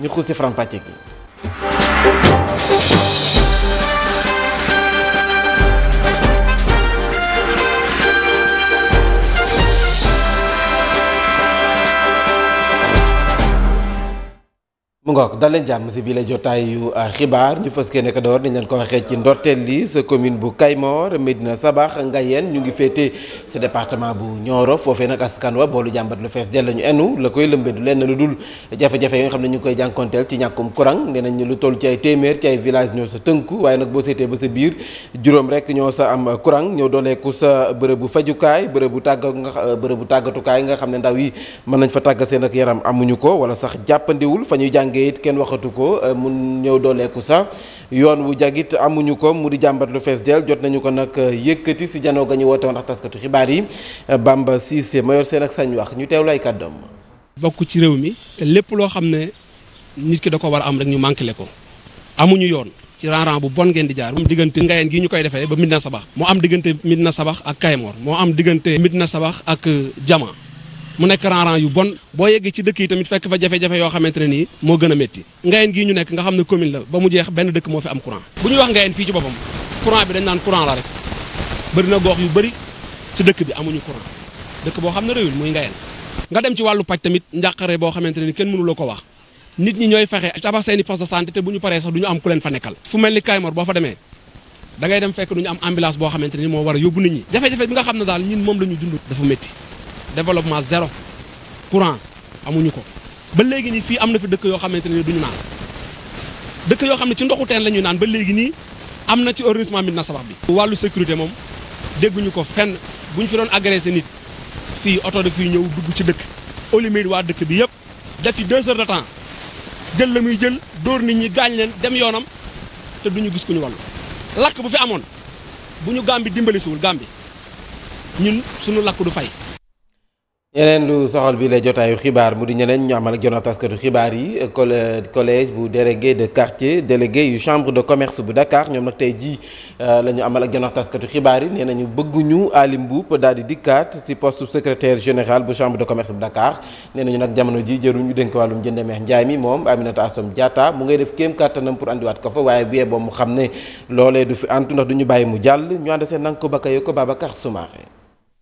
ñu xuus ci faram-fàcce gi mu ngoog dal leen jàmm si bile jotaayu ah, xibaar ñu fës kee nekk door dañ leen ko waxee ci ndorteel li sa commune bu Kaymor Medina Sabax Ngayeen ñu ngi féete sa département bu Nioro foofee nag askan wa boolu jàmbat lu fees dell la ñu enu la koy lëmbe du lenn lu dul jafe-jafe yi nga xam ne ñu koy jànkonteel ci ñàkkum courant nee nañ lu toll ci ay téeméer ci ay village ñoo sa tënku waaye nag boo seetee ba sa biir juróom rek ñoo sa am courant ah, ñoo dooleeku sa bërëbu fajukaay bërëbu tàgga nga ah, bërëbu tàggatukaay nga xam ne ndaw yi mën nañ fa tàgga seen ak yaram amuñu ko wala sax jàngee it kenn waxatu ko euh, mun ñëw dooleeku sax yoon wu jagit amuñu ko mu di jàmbat lu fees dell jot nañu ko nag euh, yëkkati si janoo ga ñu woote woon ak taskatu xibaar yi euh, Bamba Cissé mayor seen ak sañ wax ñu teewlu ay kàddoom. bokk ci réew mi lépp loo xam ne nit ki da ko war a am rek ñu manqué ko amuñu yoon. ci ranran bu bon ngeen di jaar moom diggante ngayeen gi ñu koy defee ba Medina Sabax moo am diggante Medina Sabax ak Kaymoor moo am diggante Medina Sabax ak Jama mu nekk rang-rang yu bon boo yeggee ci dëkk yi tamit fekk fa jafe-jafe yoo xamante ne nii moo gën a métti ngayeen gii ñu nekk nga xam ne commune la ba mu jeex benn dëkk moo fi am courant bu ñuy wax ngayeen fii ci boppam courant bi dañ naan courant la rek bëri na gox yu bëri ci dëkk bi amuñu courant dëkk boo xam ne réyul muy ngayeen nga dem ci wàllu paj tamit njàqare boo xamante ne ni kenn mënu ko wax nit ñi ñooy fexe tabax seeni poste de santé te bu ñu paree sax du am ku fa nekkal fu mel ni Kaymor boo fa demee da ngay dem fekk du ñu boo xamante ni moo war a yóbbu nit ñi bi nga xam ne daal ñun moom la ñu dafa métti développement zéro courant amuñu ko ba léegi nii fii am na fi dëkk yoo xamante ne duñu naan dëkk yoo xam ne ci ndoxu teen la ñuy naan ba léegi nii am na ci organisme bi na sabab bi wàllu sécurité moom dégguñu ko fenn bu ñu fi doon agressé nit fii oto def fii ñëw dugg ci dëkk olimir waa dëkk bi yëpp def yi deux heures de temps jël la muy jël dóor nit ñi gaañ leen dem yoonam te duñu gis ku ñu wàllu lakk bu fi amoon bu ñu Gàmbi dimbalisuwul Gàmbi ñun suñu lakk fay yeneen lu soxal bi la jotaayu xibaar mu di ñeneen ñu amal ak jono taskatu xibaar yi collège bu délégué de quartier délégué yu chambre de commerce bu Dakar ñoom nag tey jii euh, lañu ñu amal ak jono taskatu xibaar yi nee ñu bëgguñu Ali Mboup daal di dikkaat si poste secretaire général bu chambre de commerce bu Dakar nee nañu nag jamono ji jëruñu dénk wàllum jënd meex njaay mi moom Aminata Assome Diatta mu ngay def kéem kàttanam pour andiwaat ko fa waaye bu yeboo mu xam ne loolee du fi antu ndax du ñu bàyyi mu jàll ñu ànd seen nanga ko bakka yo ko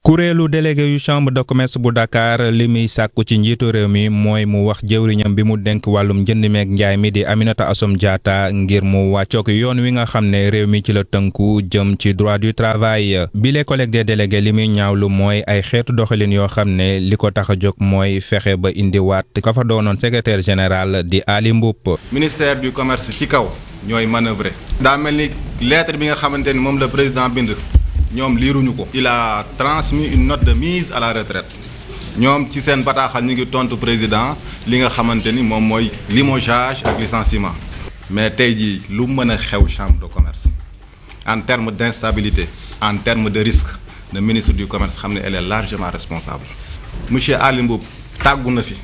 kuréelu délégué yu chambre de commerce bu Dakar li muy sàkku ci njiitu réew mi mooy mu wax jëwriñam bi mu denk wàllum njënd meek njaay mi di Aminata Assome Diatta ngir mu wàccook yoon wi nga xam ne réew mi ci la tënku jëm ci droit du travail bile collègue des délégués li muy lu mooy ay xeetu doxalin yoo xam ne li ko tax a jóg mooy fexe ba indiwaat ka fa doonoon secrétaire général di Ali Mboup. ministère du commerce ci kaw ñooy manœuvrer. daa mel ni lettre bi nga xamante ni moom la président bind. ñoom liiruñu ko. il a transmis une note de mise à la retraite ñoom ci seen bataaxal ñu ngi tontu président li nga xamante ni moom mooy limogeage ak licenciement. mais tey jii lu mën a xew chambre de commerce en terme d' instabilité en terme de risque le ministre du commerce xam ne elle est largement responsable monsieur Aly Mboup tàggu na fi.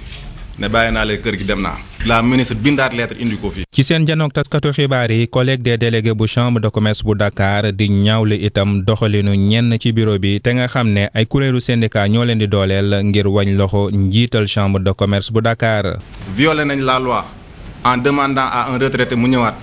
ne bàyyi naa leen kër gi dem na la ministre bindaat lettre indi ko fii. ci seen janook taskatu xibaar yi collègue des délégués bu chambre de commerce bu dakaar di ñaawlu itam doxalinu ñenn ci bureau bi te nga xam ne ay kuréelu syndicat ñoo leen di dooleel ngir wañ loxo njiital chambre de commerce bu Dakar. violé nañ la loi en demandant à un retraité mu ñëwaat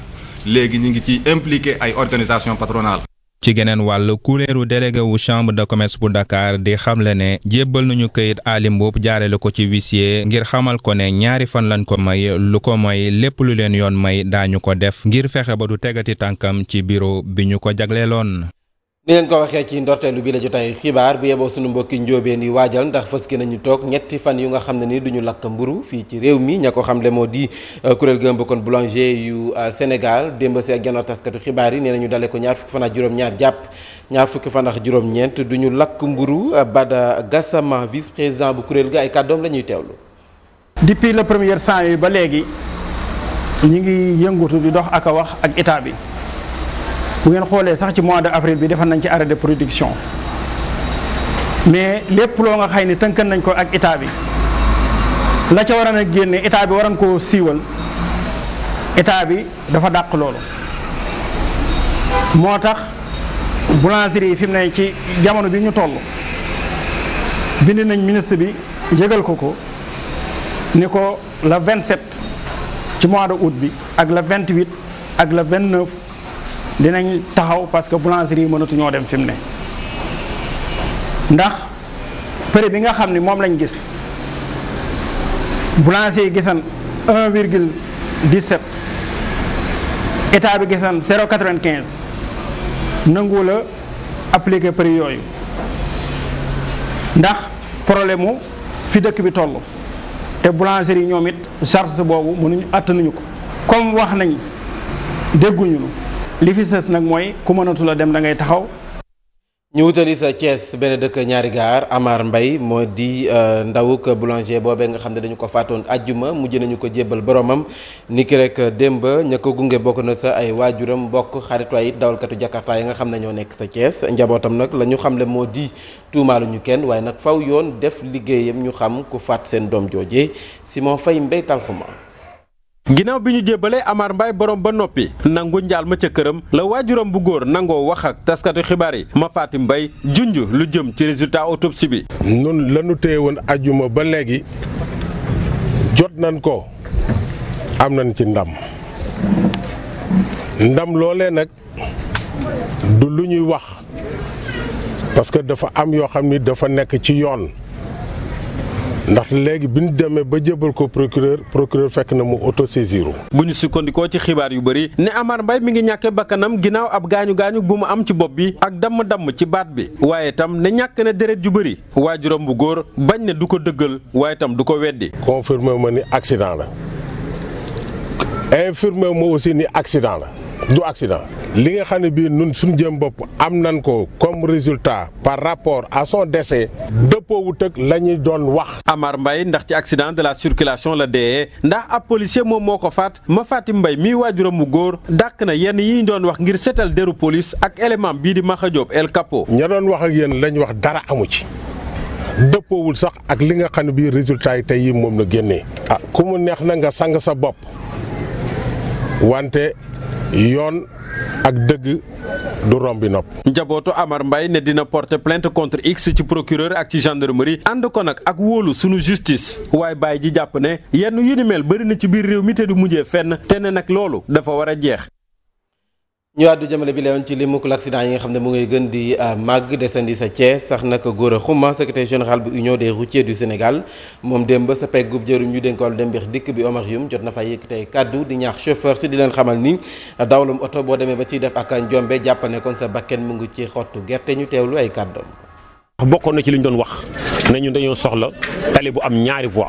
léegi ñu ngi ci impliqué ay organisation patronale ci geneen wàll kuréelu délégué wu chambre de commerce bu Dakar di xamle ne jébbal nañu këyit Aly Mboup jaarale ko ci huissier ngir xamal ko ne ñaari fan lañ ko may lu ko may lépp lu leen yoon may daañu ko def ngir fexe ba du tegati tànkam ci bureau bi ñu ko jagleeloon. ni leen ko waxee ci ndorteelu bi la jotaay xibaar bu yeboo sunu mbokki njóobeen yi waajal ndax fëski nañu toog ñetti fan yu nga xam ne ni duñu lakk mburu fii ci réew mi ña ko xam le moo di euh, kuréel gëm bokkoon boulanger yu euh, Sénégal démb si ak janoor taskatu fukki fan ak juróom-ñaar jàpp ñaar fukki fan ak juróom-ñeent duñu lakk mburu Bada Gassama vice président bu kuréel gi ay kàddoom lañuy ñuy teewlu depuis le premier sant ba léegi ñi ngi yëngatu di dox ak a wax ak état bi bu ngeen xoolee sax ci mois de avril bi defal nañ ci arrêt de production mais lépp loo nga xay ni tënkan nañ ko ak état bi la ca waroon a génne état bi waroon koo siiwal état bi dafa dàq loolu moo tax boulangerie yi fi mu ci jamono bi ñu toll bind nañ ministre bi yëgal ko ko ni ko la le 27 ci mois de août bi ak le 28 ak le 29 dinañ taxaw parce que boulangerie yi mënatu ñoo dem fi ne ndax prix bi nga xam ni moom lañ gis boulanger yi gisan 1 virgule état bi gisan 0,95 nangu la appliquer prix yooyu ndax problème mu fi dëkk bi toll te boulangerie yi ñoom it charge boobu mënuñu attanuñu ko comme wax nañ dégguñu li fi sës nag mooy ku mënatul a dem dangay taxaw. ñu wutali sa Thiès benn dëkk ñaari gaar Amar mbay moo di euh, ndawuk boulanger boobee nga xam ne dañu ko faatoon ajjuma mujj nañu ko jébbal boromam ni ki rek démb ña ko gunge bokk na sa ay waajuram bokk xarit waaye it dawalkatu jakarta yi nga xam ne ñoo nekk sa Thiès njabootam nag la ñu xamle moo di tuumaalu ñu kenn waaye nag faw yoon def liggéeyam ñu xam ku faat seen doom joojee Simon Faye Mbaye Talxuma ginnaaw bi ñu jébbalee Amar Mbaye borom ba noppi nangu njaal ma ca këram la waajuram bu góor nangoo wax ak taskatu xibaar yi ma Fatim Mbaye junj lu jëm ci résultat autopsie bi. nun lañu téye woon ajuma ba léegi jot nañ ko am nañ ci ndam ndam loolee nag du lu ñuy wax parce que dafa am yoo xam ni dafa nekk ci yoon. ndax léegi bi ñu demee ba jébal ko procureur procureur fekk na mu autosaisiru bu ñu sukkandikoo ci xibaar yu bëri ne Amar mbay mi ngi ñàkkee bakkanam ginnaaw ab gaañu gaañu bu mu am ci bopp bi ak damm-damm ci baat bi waaye itam ne ñàkk na deret ju bëri waajuram bu góor bañ ne du ko dëggal waaye itam du ko weddi. confirmé ma ni accident la infirmé ma aussi ni accident la. du accident li nga xam ne bii nun suñ jëm bopp am nañ ko comme résultat par rapport à son décès dëppoowut ak la ñuy doon wax. Amar mbay ndax ci accident de la circulation la dee ndax ab policier moom moo ko faat ma faati Mbaye mii waajuram mu góor dàq na yenn yi ñu doon wax ngir seetal deru polis ak élément bii di Maxa Diop El Capo. ña doon wax ak yéen lañ wax dara amu ci. dëppoowul sax ak li nga xam ne bii résultat yi tey yi moom la génnee. ah ku mu neex na nga sang sa bopp yoon ak dëgg du rombi nopp. njabootu Amar Mbaye ne dina porter plainte contre X ci procureur ak ci gendarmerie ànd ko nag ak wóolu sunu justice waaye bàyyi ji jàpp ne yenn yu ni mel bëri ci biir réew mi te du mujjee fenn te ne nag loolu dafa war a jeex. ñu àddu jëmale bi leewoon ci limukul accident yi nga xam ne mu ngay gën di euh, màgg desandi sa Thiès sax naka Gora Khouma secrétaire général bu union des routiers du Sénégal moom démb sa peggub jërum ñu dénk wàllu dem beex dikk bi Omar Youm jot na fa tey kàddu di ñaax chauffeur si di leen xamal ni dawlum oto boo demee ba ciy def ak njombe jàppane kon sa bakken mu ngi ci xottu gerte ñu lu ay kàddoom bokkoon na ci li ñu doon wax ne ñun dañoo soxla tali bu am ñaari voie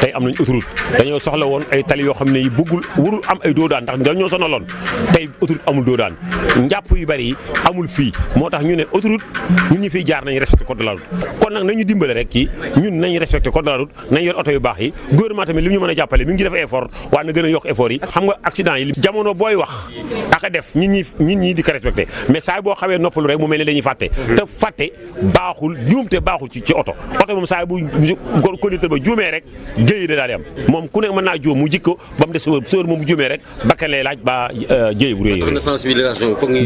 tey am nañ autoroute dañoo soxla woon ay tali yoo xam ne yi bëggul warul am ay doodaan ndax dañoo sonaloon tey autoroute amul doodaan njàpp yu bari yi amul fii moo tax ñu ne autoroute ñun ñu fiy jaar nañ respecté code de la route kon nag nañu dimbale rek ci ñun nañ respecté code de la route nañ yu baax yi gouvernement tamit li ñu mën a jàppale mi ngi def effort waaye na gën a yokk effort yi xam nga accident yi jamono booy ñi di ko respecté mais boo xawee noppalu rek mu mel ne dañuy baaxul juumte baaxul ci ci oto oto moom saa bu conducteur ba juumee rek jëyi da daal di moom ku ne mën naa juum mu jikko ba mu des sóor moom mu juumee rek bakkan lay laaj ba euh, jëy bu réy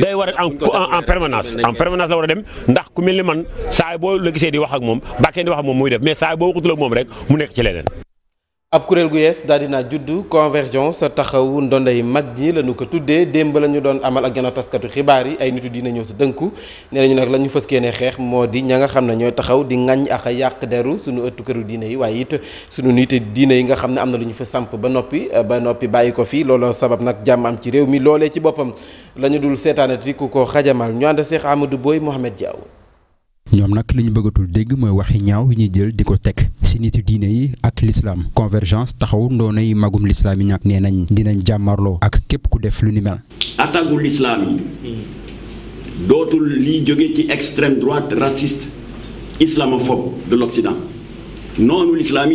day war en permanence en permanence la war a dem ndax ku mel ni man saa boo la gisee di wax ak moom bakkeen di wax ak moom muy def mais saa boo waxutul ak moom rek mu nekk ci leneen ab kuréel gu yees daal dinaa judd convergence taxawu ndonday mag ñi lañu ko tuddee démb la ñu doon amal ak gannaaw taskatu xibaar yi ay nitu dina ñëw si dënku nee ñu nag la ñu fës kee ne xeex moo di ña nga xam ne ñoo taxaw di ŋaññ ak a yàq deru suñu ëttu këru diina yi waaye it suñu nit diine yi nga xam ne am na lu ñu fa samp ba noppi ba noppi bàyyi ko fii looloo sabab nag jàmm am ci réew mi loolee ci boppam la ñu dul seetaanati ku ko xajamal ñu ànd Cheikh Amadou Boy Mohamed Diaw ñoom nag li ñu bëggatul dégg mooy waxi ñaaw yi ñuy jël di ko teg si nitu diine yi ak lislaam convergence taxaw ndoonay magum lislaam yi ñàkk nee nañ dinañ jàmmarloo ak képp ku def lu ni mel attagu lislaam yi dootul jóge ci extrême droite raciste yi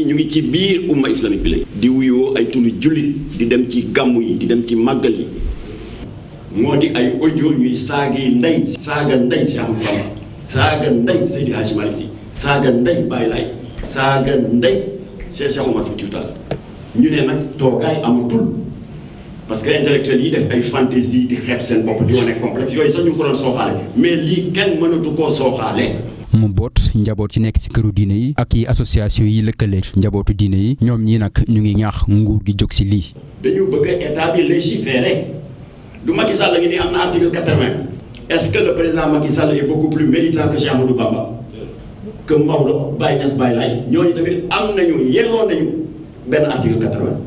ñu ngi ci biir umma islamique bi léegi di wuyoo ay tulu jullit di dem ci gàmmu yi di dem ci màggal yi moo di ay audio ñuy saaga ndey saaga ndey Seydi Hadji Malick Sy saaga ndey Baye Laye saaga ndey Cheikh Cheikh Oumar ñu ne nag toogaay amatul parce que intellectuel yi def ay fantaisie di xeeb seen bopp di wane complexe yooyu sax ñu ko doon sooxaale mais lii kenn mënatu koo sooxaale. mu boot njaboot ci nekk ci këru diine yi ak yi association yi lëkkale njabootu diine yi ñoom ñi nag ñu ngi ñaax nguur gi jóg si lii. dañu bëgg état bi légiférer du Macky Sall la ngi ni am na article est-ce que le président Macky Sall beaucoup plus méritant que Cheikh Amadou Bamba que Maodo Baye Niass Baye Laye ñooñu tamit am nañu yelloo nañu benn article 80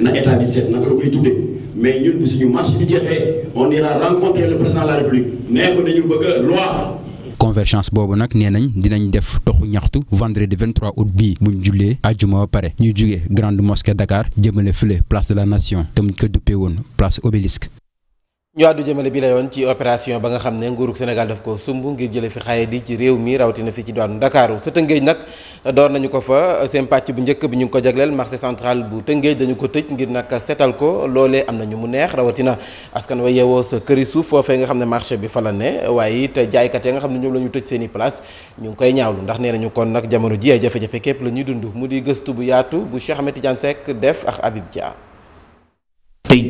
na état bi seet naka la koy tuddee mais ñun bu suñu marche bi jeexee on ira rencontrer le président la République nee ko dañu bëgg loi convergence boobu nag nee nañ dinañ def toxu ñaxtu vendredi 23 août bii buñ jullee àjjuma ba pare ñuy jugee grande mosquée Dakar jëmale fële place de la nation tam ko duppee woon place obélisque ñu àddu jëmale bi la yoon ci opération ba nga xam ne nguurug Sénégal daf ko sumb ngir jële fi xaye di ci réew mi rawatina fi ci diwaanu Ndakaaru sa Tëngéej nag door nañu ko fa seen pàcc bu njëkk bi ñu ngi ko jagleel marché central bu Tëngéej dañu ko tëj ngir nag seetal ko loole am na ñu mu neex rawatina askan wa yeewoo sa këri suuf foofee nga xam ne marché bi fa la ne waaye it jaaykat ya nga xam ne ñoom la ñu tëj seeni i ñu ngi koy ñaawlu ndax nee nañu kon nag jamono ji ay jafe la ñuy dund mu di gëstu bu yaatu bu Cheikh Ahmed Tidiane Seck def ak Habib Dia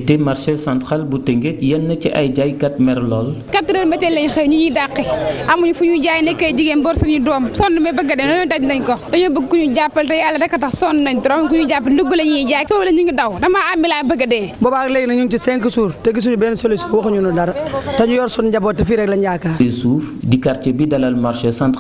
jiite marché central bu Tëngéej yenn ci ay jaaykat mer lool. 4 heures météo xëy ñu ñuy dàqe amuñu fu ñuy jaay nekkee jigéen bor suñu doom sonn mais bëgg a dem dañoo daj nañ ko dañoo bëgg ku ñu jàppal te yàlla rek a tax sonn nañ trop ku ñu jàppal ndugg la jaay soo la ngi daw dama am laa bëgg a dee. boobaag léegi nag ñu ci 5 jours te gisuñu benn solution waxuñu nu dara te ñu yor suñu njaboot te fii rek lañ yaakaar. di quartier bi dalal marché a sax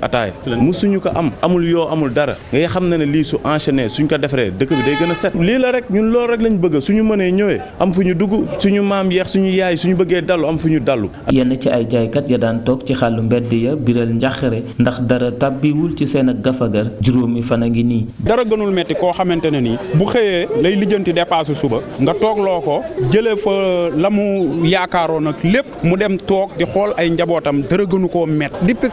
a set musuñu ko am amul yoo amul dara ngay xam ne ne lii su enchaîné suñ ko defaree dëkk bi day gën a set lii la rek ñun loolu rek lañ bëgg ñu mënee ñëwee am fu ñu dugg suñu maam yeex suñu yaay ñu bëggee dallu am fu ñu dallu yenn ci ay jaaykat ya daan toog ci xàllu mbedd ya biral njaxare ndax dara tàbbiwul ci seen ak gafagar juróomi fan a ngi nii dara gënul metti koo xamante ne nii bu xëyee lay lijjanti dépasse suba nga toog loo ko jëlee fa la mu yaakaaroon ak lépp mu dem toog di xool ay njabootam dara gënu koo metti depuis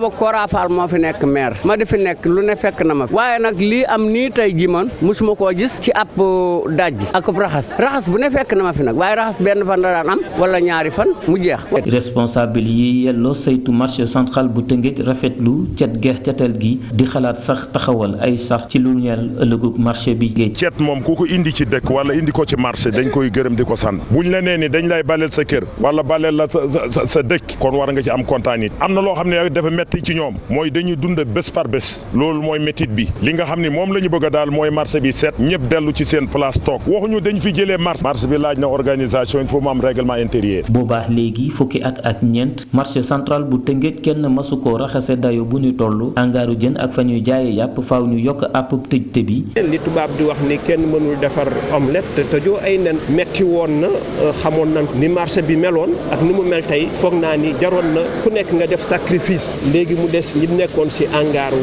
80 boobu Kora Fall moo fi nekk maire ma di fi nekk lu ne fekk na ma fi waaye nag lii am nii tey jii man mosuma koo gis ci ab uh, daj ak raxas raxas bu ne fekk na ma fi nag waaye raxas benn fan la daan am ñaari fan mu jeex. responsable yi yelloo saytu marché central bu Tëngéej rafetlu cet geex cetal gi di xalaat sax taxawal ay sax ci lu ñeel ëllëgub marché bi géej. cet moom ku ko indi ci dëkk wala indi ko ci marché dañ koy gërëm di ko sant buñ la nee ni dañ lay baleel sa kër wala baleel la sa sa sa dëkk kon war nga ci am kontaan am na loo xam ne dafa metti métti ci ñoom mooy dañuy dund bés par bés loolu mooy méttit bi li nga xam ne moom la ñu bëgg a daal mooy marché bi seet ñëpp dellu ci seen place toog waxuñu dañ fi jëlee marché marché bi laaj na organisation il faut mu am règlement intérieur. boobaa léegi fukki at ak ñeent marché central bu Tëngéej kenn masu ko raxase dayo bu ñu toll angaaru jën ak fa ñuy jaaye yàpp faaw ñu yokk àpp tëjte bi. li tubaab di wax ni kenn mënul defar omelette tëjoo ay nen metti woon na euh, xamoon nañ ni marché bi meloon ak ni mu mel tey foog naa ni jaroon na def sacrifice léegi mu des ñi nekkoon si angaaru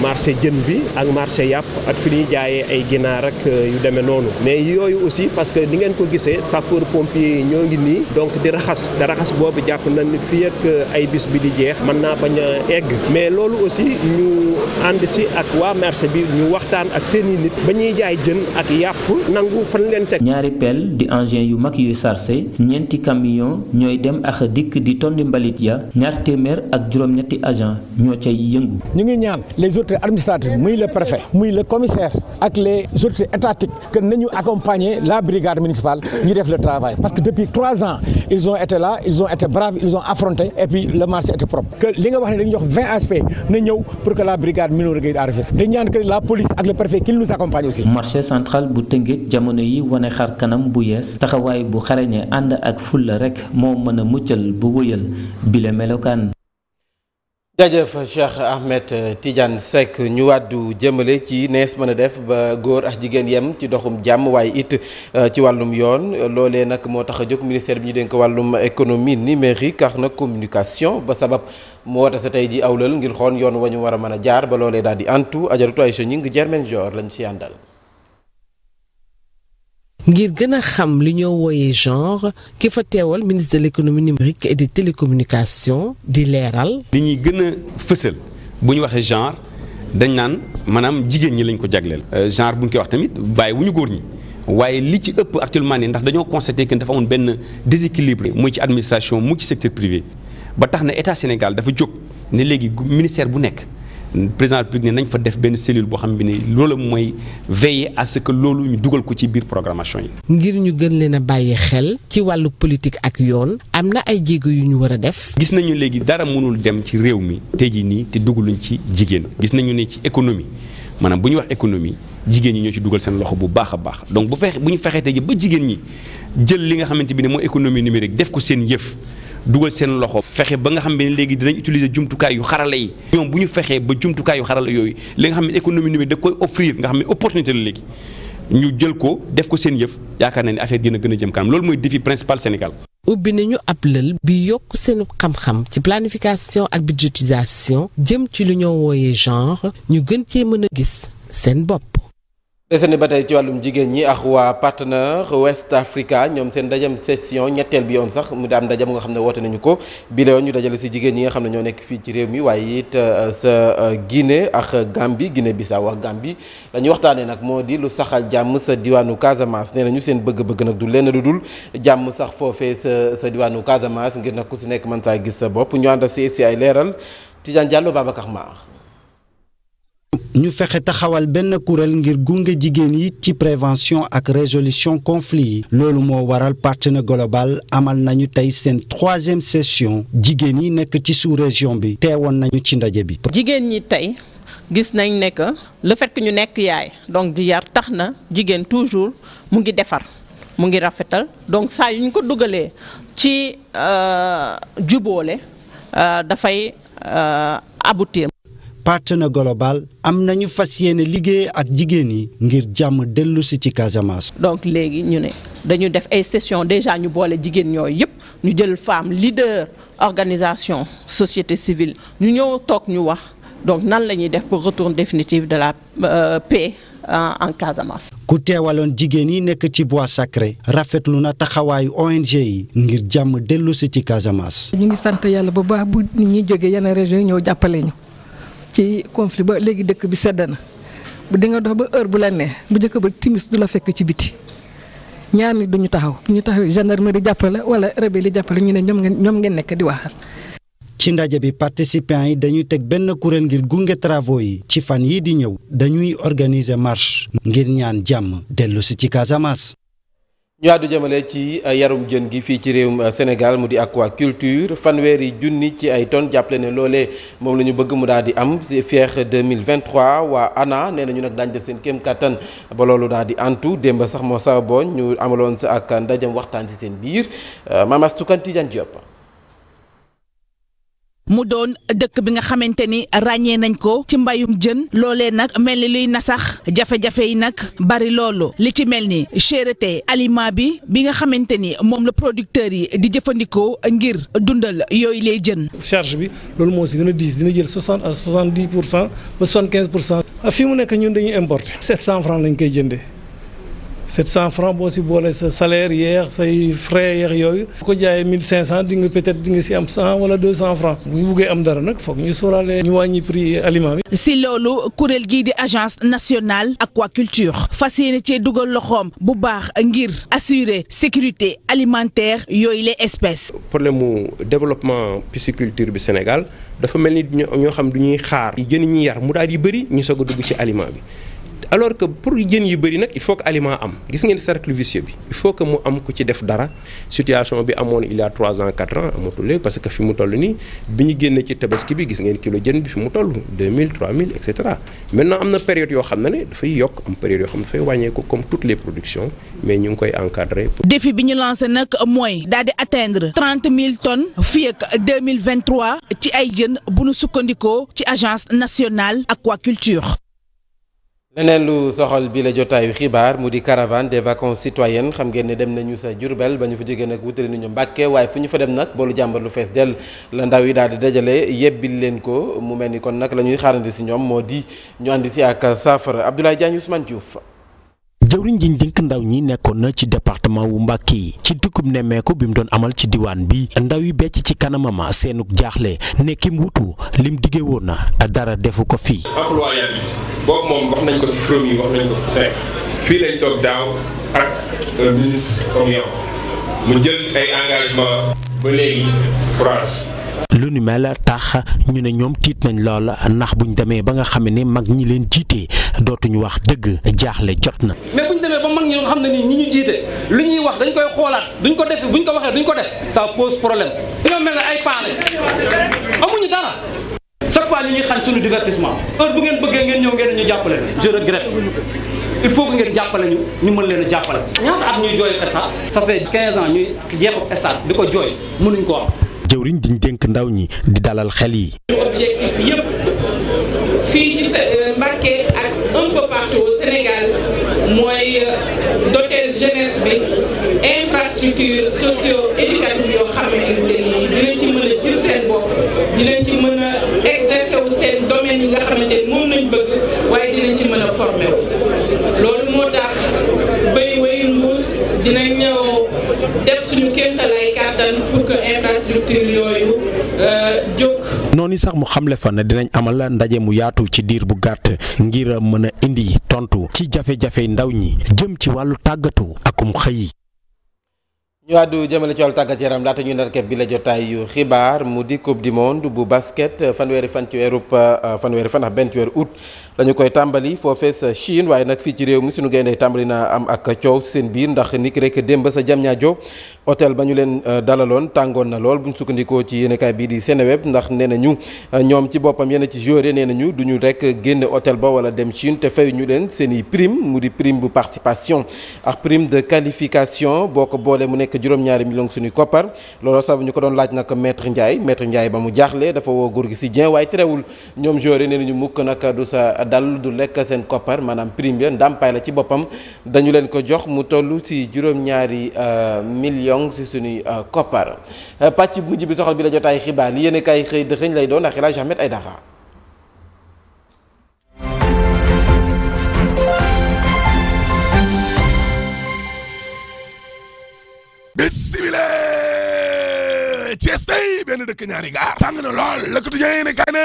marché jën bi ak marché yàpp ak fi ñuy jaayee ay ginaar ak euh, yu demee noonu mais yooyu aussi parce que ni ngeen ko gisee sapeur pompier yi ñoo ngi nii donc di raxas te raxas boobu jàpp nañ ni fii ak euh, ay bis bi di jeex mën naa bañ a egg mais loolu aussi ñu ànd si ak waa marché bi ñu waxtaan ak seen i nit ba ñuy jaay jën ak yàpp nangu fan leen teg. ñaari pelle di engin yu mag yuy sarcé ñeenti camion ñooy dem ak dikk di tonni agents ñoo cay yëngu. ñu ngi ñaan les autorités administratives muy le préfet muy le commissaire ak les autorités étatiques que nañu accompagner la brigade municipale ñu def le travail parce que depuis trois ans ils ont été là ils ont été braves ils ont affronté et puis le marché était propre. que li nga wax ne dañu jox vingt na ñëw pour que la brigade mënoo liggéey à Rufisque dañu ñaan que la police ak le préfet qu'ils nous accompagnent aussi. marché central kanam bu yees taxawaay bu xarañe ànd ak fulla rek moo mën a muccal bu wëyal jajëf Cheikh Ahmed Tidiane Seck ñu wàddu jëmale ci nees mën a def ba góor ak jigéen yem ci doxum jàmm waaye it euh, ci wàllum yoon loolee nag moo tax a jóg ministère bi ñu dénk wàllum économie numérique ak na communication ba sabab mu woote sa tey ji awlal ngir xool yoon wa ñu war a a jaar ba loole daal di antu ajaratu ay chening Germaine Dior lañ ci àndal ngir gën a xam li ñoo wooyee genre ki fa teewal ministre de l'économie numérique et des télécommunications di leeral. li ñuy gën a fësal bu ñu waxee genre dañ naan maanaam jigéen ñi lañ ko jagleel. Euh, genre bu ñu koy wax tamit bàyyi wu ñu góor ñi waaye li ci ëpp actuellement nii ndax dañoo constaté que dafa amoon benn déséquilibre muy ci administration mu ci secteur privé ba tax na état Sénégal dafa jóg ne léegi ministère bu nekk. président République ne nañ fa def benn cellule boo xam bi ne loolu mooy veiller à que loolu ñu dugal ko ci biir programmation yi. ngir ñu gën leen a bàyyi xel ci wàllu politique ak yoon am na ay jéego yu ñu war a def. gis nañu léegi dara mënul dem ci réew mi tey jii nii te dugaluñ ci jigéen gis nañu ne ci économie maanaam bu ñu wax économie jigéen ñi ñoo ci dugal seen loxo bu baax a baax donc bu fexe bu ñu fexee tey ji ba jigéen ñi jël li nga xamante bi ne mooy économie numérique def ko seen yëf. dugal seen loxo fexe ba nga xam ne léegi dinañ utiliser jumtukaay yu xarala yi ñoom bu ñu fexee ba jumtukaay yu xarala yooyu li nga xam ne économie numérique da koy offrir nga xam ne opportunité la léegi ñu jël ko def ko seen yëf yaakaar na ne affaire dina gën a jëm kanam loolu mooy défi principal Sénégal ubbi nañu ab lël bi yokk seenu xam-xam ci planification ak budgétisation jëm ci lu ñoo wooyee genre ñu gën cee mën a gis seen bopp desandi ba tey ci wàllum jigéen ñi ak waa partenaire West Africa ñoom seen dajam session ñetteel bi yoon sax mu daam dajam nga xam ne woote nañu ko bi la ñu dajale si jigéen ñi nga xam ne ñoo nekk fii ci réew mi waaye yit euh, sa euh, Guinée ak Gambie Guinée Bissau ak Gambie dañuy waxtaanee nag moo di lu saxal jàmm sa diwaanu Casamance nee ñu seen bëgg-bëgg nag du lenn lu dul jàmm sax foofee sa sa diwaanu Casamance ngir nag ku si nekk mën saa gis sa bopp ñu ànd si si ay leeral Tidiane Diallo Babacar Mar ñu fexe taxawal benn kuréel ngir gunge jigéen yi ci prévention ak résolution conflit yi loolu moo waral partenaire global amal nañu tey seen troisième session jigéen yi nekk ci sous région bi teewoon nañu ci ndaje bi. jigéen ñi tey gis nañ ne que le fait ñu nekk yaay donc di tax na jigéen toujours mu ngi defar mu ngi rafetal donc saa yu ñu ko dugalee ci euh, juboole euh, dafay euh, aboutir. partenaire global am na ñu fas yéene liggéey ak jigéen yi ngir jàmm dellusi ci Casamance. donc léegi ñu ne dañu def ay session déjà ñu boole jigéen yooyu yëpp ñu jël femme leader organisation société civile ñu ñëw toog ñu wax donc nan la ñuy def pour retour définitif de la euh, paix. en Casamance. ku teewaloon jigéen yi nekk ci bois sacré rafetlu na taxawaayu ONG yi ngir jàmm dellu si ci Casamance. ñu ngi sant yàlla bu baax bu nit ñi jógee yenn région yi ñëw jàppale ci conflit ba léegi dëkk bi sedd na bu di nga dox ba heure bu la nee bu njëkk ba timis du la fekk ci biti ñaar nit duñu taxaw ñu taxaw gendarmerie jàppale wala rebelle yi jàppale ñu ne ñoom ngeen ñoom ngeen nekk di waxal. ci ndaje bi participants yi dañuy teg benn kuréel ngir gunge travaux yi ci fan yii di ñëw dañuy organiser marche ngir ñaan jàmm dellu ci Casamance. ñu àddu jëmale ci euh, yarum jën gi fii ci réewum euh, Sénégal mu di aquaculture fanweeri junni ci ay tonnes jàppale ne loole moom la ñu bëgg mu daal di am ci feex 2023 waa ANA nee na ñu nag daañu def seen kéem kattan ba loolu daal di antu démb sax moo sababoo ñu amaloon sa ak ndajam waxtaan ci seen biir euh, Mame Astou jan ji Diop mu doon dëkk bi nga xamante ni ràññee nañ ko ci mbayum jën loolee nag mel ni luy nasax jafe-jafe yi nag bari loolu li ci mel ni cherté aliment bi bi nga xamante ni moom la producteurs yi di jëfandikoo ngir dundal yooyu lay jën. charge bi loolu moo si gën a diis dina jël soixante à soixante dix pour cent ba pour cent. Ah, fii mu nekk ñun dañuy importer. sept cent franc lañ koy jëndee. 700 francs boo si boolee sa salaire yeex say frais yeex yooyu bu ko jaayee 1500 di nga peut-être di nga si am 100 wala 200 francs bu ñu buggee am dara nag foog ñu sóoraale ñu wàññi prix aliment bi. si loolu kuréel gii di agence nationale aquaculture fas yéene cee dugal loxoom bu baax ngir assurer sécurité alimentaire yooyu les espèces. problème mu développement pisciculture bi Sénégal dafa mel ni ñoo xam du ñuy xaar. jën ñu ñuy yar mu daal di bëri ñu soog dugg ci aliment bi. alors que pour jën yu bëri nag il faut que aliment am gis ngeen cercle vicieux bi il faut que mu am ku ci def dara situation bi amoon il y a 3 ans 4 ans amatul parce que fi mu toll nii bi ñu génnee ci tabaski bi gis ngeen kilo jën bi fi mu toll 2000 3000 et cetera maintenant am na période yoo xam ne dafay yokk am période yoo xam ne dafay wàññeeku comme toutes les productions mais ñu ngi koy encadrer. défi bi ñu lancé nag mooy daal di atteindre 30 000 tonnes fii ak 2023 ci ay jën bu sukkandikoo ci agence nationale aquaculture. leneen lu soxal bi la jotaayu xibaar mu di caravane des vacances citoyennes xam ngeen ne dem nañu sa jurubeel ba ñu fa jógee nag wutali nañu Mbàkke waaye fu ñu fa dem nag boolu jàmbar lu fees dell la ndaw yi daal di dajale yebbil leen ko mu mel ni kon nag la ñuy xaarandi si ñoom moo di ñu àndi si ak saafara Abdoulaye Diagne Ousmane Diouf jëwriñ ji dénk ndaw ñi nekkoon na ci département wu Mbàkke yi ci tukkub nemmeeku bi mu doon amal ci diwaan bi ndaw yi becc ci kanamama seenuk jaaxle ne kim wutu lim diggee woon na dara defu ko fii boobu moom wax nañ ko si kuréel yi wax nañ ko rek fii lañ toog daaw ak ministre comme yow mu jël ay engagement ba France. lu ni mel tax ñu ne ñoom tiit nañ lool nax buñ demee ba nga xam ne mag ñi leen jiite dootuñu wax dëgg jaaxle jot na. mais buñ demee ba mag ñi nga xam ne nii ñu jiite lu ñuy wax dañ koy xoolaat duñ ko def buñ ko waxee duñ ko def ça pose problème. dañoo mel ay paale amuñu dara. chaque fois li ñuy xañ suñu divertissement heure bu ngeen bëggee ngeen ñëw ngeen ñu jàppale ñu je regrette il faut que ngeen jàppale ñu mën leen a jàppale ñaata at ñuy jooyu stade ça fait 15 ans ñuy jeexu stade di ko jooy mënuñ ko am jëwriñ diñ dénk ndaw ñi di dalal xel yi objectif yëpp fii ci euh, Mbacké ak un Sénégal mooy euh, doter jeunesse bi infrastructure socio éducative yoo xam ne dinañ ci mën a jël seen bopp dinañ ci mën seen domaine yi nga xamante moom nañ bëgg waaye dinañ ci mën a loolu moo tax bay wayu mbuus dina ñëw def suñu kéemtalaay kàttan pour infrastructure yooyu euh, jóg noonu sax mu xamle fa ne dinañ amala ndaje mu yaatu ci diir bu gàtt ngir mëna indi tontu ci jafe-jafe ndaw ñi jëm ci wàllu tàggatu akum xëy ñu àddu jëmale ci wàllu tàggat yaram laata ñu nar kepp bi la jotaay yu xibaar mu di coupe du monde bu basket fanweeri fan ci weeru fanweeri fan ak benn ci weeru dañu koy tàmbali foofee sa Chine waaye nag fii ci réew mi suñu gaynde tàmbali na am ak coow seen biir ndax niki rek démb sa Diamniadio hôtel ba ñu leen euh, dalaloon tàngoon na lool buñ sukkandikoo ci yéenekaay bii di Seneweb ndax nee na nañu euh, ñoom ci boppam yenn ci joueurs nee nañu duñu rek génn hôtel ba wala dem Chine te fay ñu leen seen i prime mu di prime bu participation ak prime de qualification boo ko boolee mu nekk juróom-ñaari million suñuy koppar loolu sax ñu ko doon laaj nag maître Ndiaye maître Ndiaye ba mu jaaxle dafa woo góor gi si Dieng waaye ñoom joueurs nee nañu mukk nag sa dal du lekk seen koppar maanaam prime ya ndàmpaay la ci boppam dañu leen ko jox mu toll ci juróom-ñaari euh, millions ci suñuy euh, koppar euh, pàcc bu mujj bi soxal bi la jotaay xibaar yi yéen kaay xëy dëxëñ lay doon ak El Hadj Ahmed Aïdara Thiès tey benn dëkk ñaari gaar tàng na lool la ko tu jëyee ne kay ne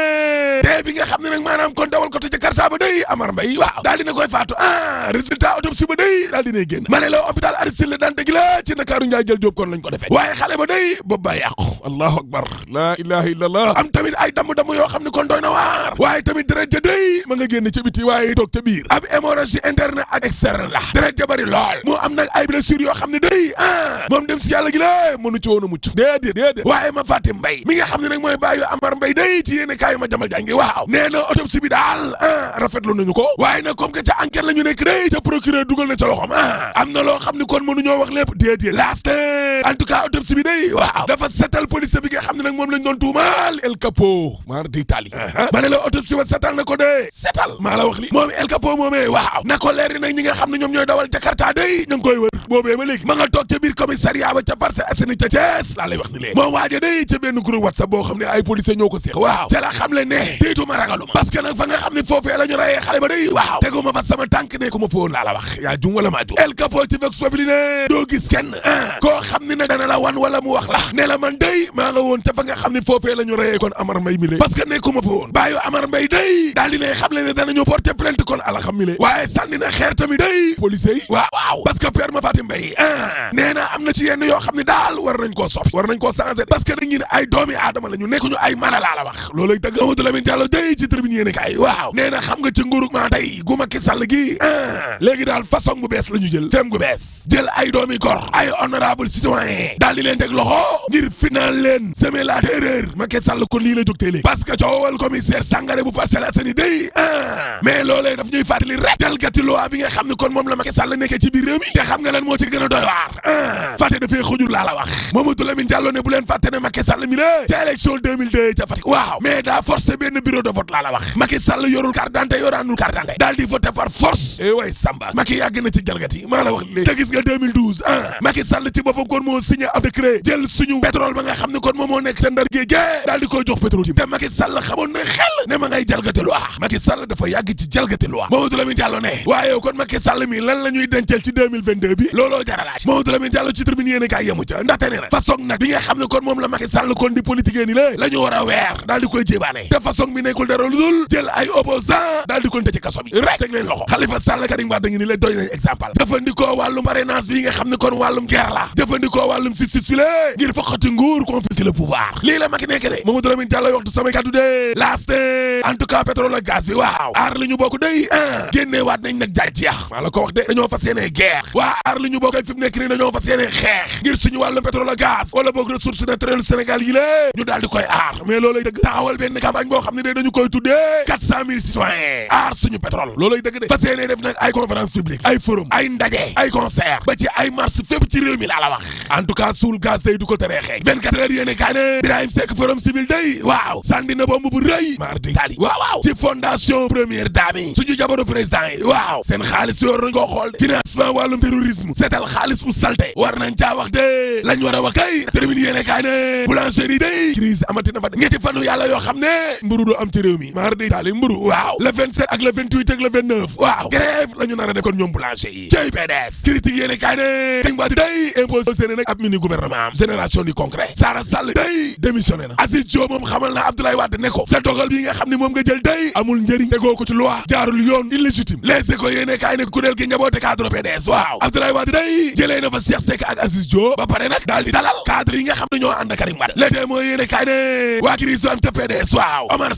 dee bi nga xam ne nag maanaam kon dawal ko tu Jakarta ba day Amar Mbaye waaw daal dina koy faatu ah résultat ba day daal dinay génn ma ne la hôpital Aristide Le Dantec gi la ci Ndakaaru Njaay jël jóob koon lañ ko defee waaye xale ba day boobu baa yàqu akbar laa ilaha illallah am tamit ay damm-damm yoo xam ne kon doy na waar waaye ah, a de waaye ma fàtte mbay mi nga xam ne nag mooy bàyyu amar mbay day ci yéen kaayu jamal jàngi waaw nee na autopsie daal ah rafetlu nañu ko waaye nag comme que ca enquête la ñu nekk day ca procureur dugal na ca loxoom ah am na loo xam ne kon mënuñoo wax lépp déedéet laaste en tout cas day waaw dafa setal police bi nga xam ne nag moom lañ doon tuumaal El Capo mar di tali ah, ma ne la wax li moom El Capo moomee waaw na ko leer nag ñi ñooy dawal Jakarta day boobee ba léegi ma nga toog ca biir commissariat ba ca Parcelles Assainies ca Thiès laa lay wax ni léegi moom waaja day ca benn groupe WhatsApp boo xam ne ay policier ñoo ko séq waaw ca la xam le ne déetuma ragaluma parce que fa nga xam ne foofee la ñu rayee xale ba day waaw teguma fa sama tànk ne ku ma foon laa la wax yaa jum wala maa jum El Capo ci Vox Populi ne doo ah la ñu rayee kon Amar Mbaye mi lé parce que nekkuma fa woon baayu Amar Mbaye day daal xam le ne danañu porter plainte Fatim Mbaye ah nee na am na ci yenn yoo xam ne daal war nañ koo soppi war nañ koo changé parce que dañu ne na xam nga ci bu ah, bees la ñu ay doomi gor ah, daf ñuy fàttali rek jalgati loi bi nga xam ne kon moom la Macky Sall nekkee ci biir mi te xam nga lan moo ci gën a doy waar la wax Mamadou eh yàgg na ci jalgati maa la wax léegi te ah, ci boppam kon moo signé ab décret jël suñu pétrole ba nga xam ne kon moom moo nekk ca ndar géej daal di koy jox pétrole yi te Macky Sall xamoon na xel ne ma ngay jalgati loi Macky Sall dafa yàgg ci jalgati loi Mamadou Lamine Diallo ne waaye kon Macky Sall mi lan la ñuy dencal ci 2022 bi looloo jaralaaj Mamadou Lamine Diallo ci tribune yéen kaay yemu ca ndaxte nee na façon nag bi nga xam kon moom la Macky Sall kon di politique ni la la ñu war a weer daal di koy jébaane te façon bi nekkul dara lu dul jël ay opposant daal di koy tëj ci kaso rek teg leen loxo Khalifa Sall Karim Wade ngi ni la doy nañ exemple jëfandikoo wàllum parrainage bi nga xam ne kon wàllum guerre la jëfandikoo wàllum justice fi la ngir foqati nguur confisquer ñaar li ñu bokk ak fi mu nekk nii dañoo fas yéene xeex ngir suñu wàllu pétrole ak gaz wala boog ressource naturelle Sénégal yi ñu daal koy aar mais loolay dëgg taxawal benn campagne boo xam ne de dañu koy tuddee quatre cent mille citoyens aar suñu pétrole loolay dëgg de fas yéene def nag ay conférence publique ay forum ay ndaje ay concert ba ci ay marche fépp ci Birahim Seck forum civil day waaw sandi na bomb bu rëy mardi terrorisme seetal xaalis bu salte war nañ caa wax de lañ war a wax kay termine yéene kaay ne boulangerie day crise amati na fa ñetti fanu yàlla yoo xam ne mburu du am ci maar day taali mburu waaw le 27 ak le 28 ak le 29 waaw grève la ñu a def kon ñoom boulanger yi cey PDS critique yéene kaay ne sëñ Baati day imposé seen nag ab mini gouvernement génération du concret Sara Sall day démissionné na na Abdoulaye Wade moom nga Wade day jëlee na fa Cheikh Seck ak Aziz Diop ba pare nag daal dalal cadre yi nga xam ne ñoo ànd ak Karim Wade le tey mooy yéene kaay ne waa crise am te PDS waaw Omar